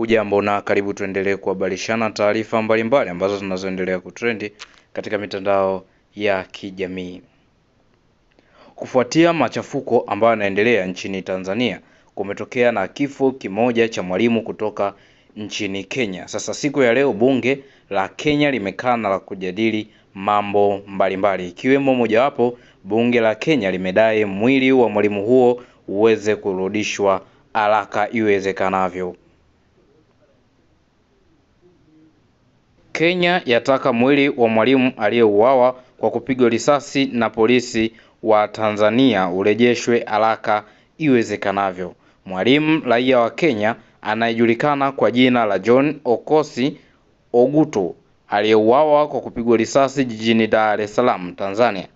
ujambo na karibu, tuendelee kuhabarishana taarifa mbalimbali ambazo zinazoendelea kutrendi katika mitandao ya kijamii. Kufuatia machafuko ambayo yanaendelea nchini Tanzania, kumetokea na kifo kimoja cha mwalimu kutoka nchini Kenya. Sasa siku ya leo bunge la Kenya limekaa na la kujadili mambo mbalimbali, ikiwemo mojawapo, bunge la Kenya limedai mwili wa mwalimu huo uweze kurudishwa haraka iwezekanavyo. Kenya yataka mwili wa mwalimu aliyeuawa kwa kupigwa risasi na polisi wa Tanzania urejeshwe haraka iwezekanavyo. Mwalimu raia wa Kenya anayejulikana kwa jina la John Okosi Ogutu aliyeuawa kwa kupigwa risasi jijini Dar es Salaam, Tanzania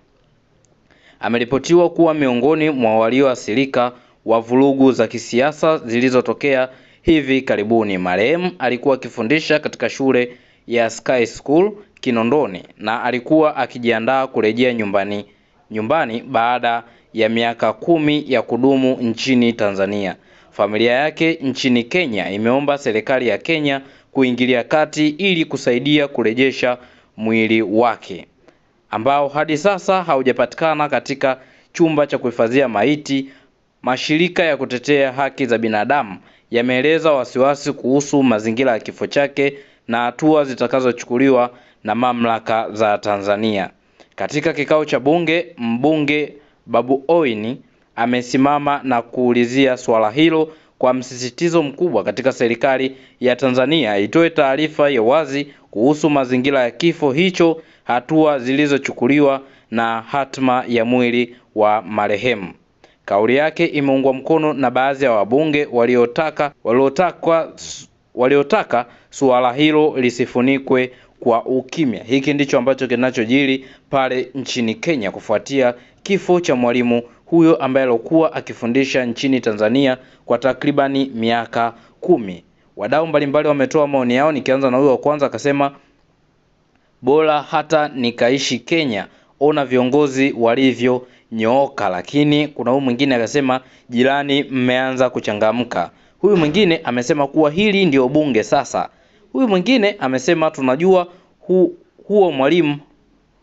ameripotiwa kuwa miongoni mwa walioathirika wa vurugu za kisiasa zilizotokea hivi karibuni. Marehemu alikuwa akifundisha katika shule ya Sky School Kinondoni na alikuwa akijiandaa kurejea nyumbani nyumbani baada ya miaka kumi ya kudumu nchini Tanzania. Familia yake nchini Kenya imeomba serikali ya Kenya kuingilia kati ili kusaidia kurejesha mwili wake ambao hadi sasa haujapatikana katika chumba cha kuhifadhia maiti. Mashirika ya kutetea haki za binadamu yameeleza wasiwasi kuhusu mazingira ya kifo chake na hatua zitakazochukuliwa na mamlaka za Tanzania. Katika kikao cha Bunge, mbunge Babu Owini amesimama na kuulizia suala hilo kwa msisitizo mkubwa katika serikali ya Tanzania itoe taarifa ya wazi kuhusu mazingira ya kifo hicho, hatua zilizochukuliwa na hatma ya mwili wa marehemu. Kauli yake imeungwa mkono na baadhi ya wabunge waliotaka waliotakwa waliotaka suala hilo lisifunikwe kwa ukimya. Hiki ndicho ambacho kinachojiri pale nchini Kenya kufuatia kifo cha mwalimu huyo ambaye alikuwa akifundisha nchini Tanzania kwa takribani miaka kumi. Wadau mbalimbali wametoa maoni yao, nikianza na huyo wa kwanza akasema, bora hata nikaishi Kenya, ona viongozi walivyonyooka. Lakini kuna huyu mwingine akasema, jirani, mmeanza kuchangamka. Huyu mwingine amesema kuwa hili ndio bunge sasa. Huyu mwingine amesema tunajua hu, huo mwalimu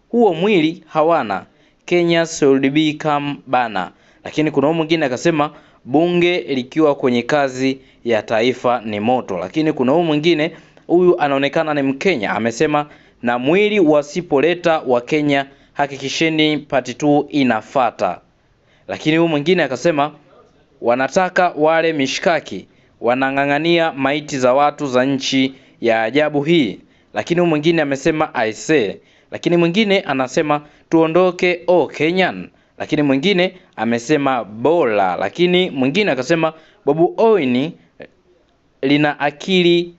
huo mwili hawana Kenya should come bana. Lakini kuna huyu mwingine akasema bunge likiwa kwenye kazi ya taifa ni moto. Lakini kuna huyu mwingine huyu anaonekana ni Mkenya amesema na mwili wasipoleta wa Kenya hakikisheni part 2 inafata. Lakini huyu mwingine akasema wanataka wale mishkaki, wanang'ang'ania maiti za watu za nchi ya ajabu hii. Lakini mwingine amesema aise, lakini mwingine anasema tuondoke o oh, Kenyan, lakini mwingine amesema bola lakini mwingine akasema Bobu Oini lina akili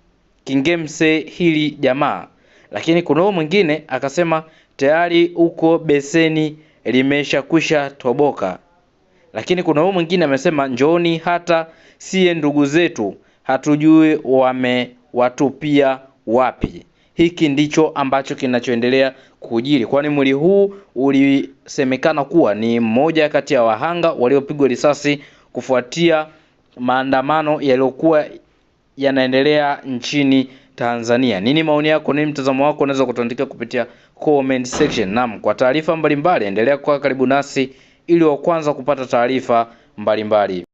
kingemse hili jamaa, lakini kunao mwingine akasema tayari huko beseni limeshakwisha toboka. Lakini kuna huyu mwingine amesema njooni, hata siye ndugu zetu, hatujui wamewatupia wapi. Hiki ndicho ambacho kinachoendelea kujiri, kwani mwili huu ulisemekana kuwa ni mmoja kati ya wahanga waliopigwa risasi kufuatia maandamano yaliyokuwa yanaendelea nchini Tanzania. Nini maoni yako? Nini mtazamo wako? Unaweza kutuandikia kupitia comment section. Naam, kwa taarifa mbalimbali endelea kuwa karibu nasi ili wa kwanza kupata taarifa mbalimbali.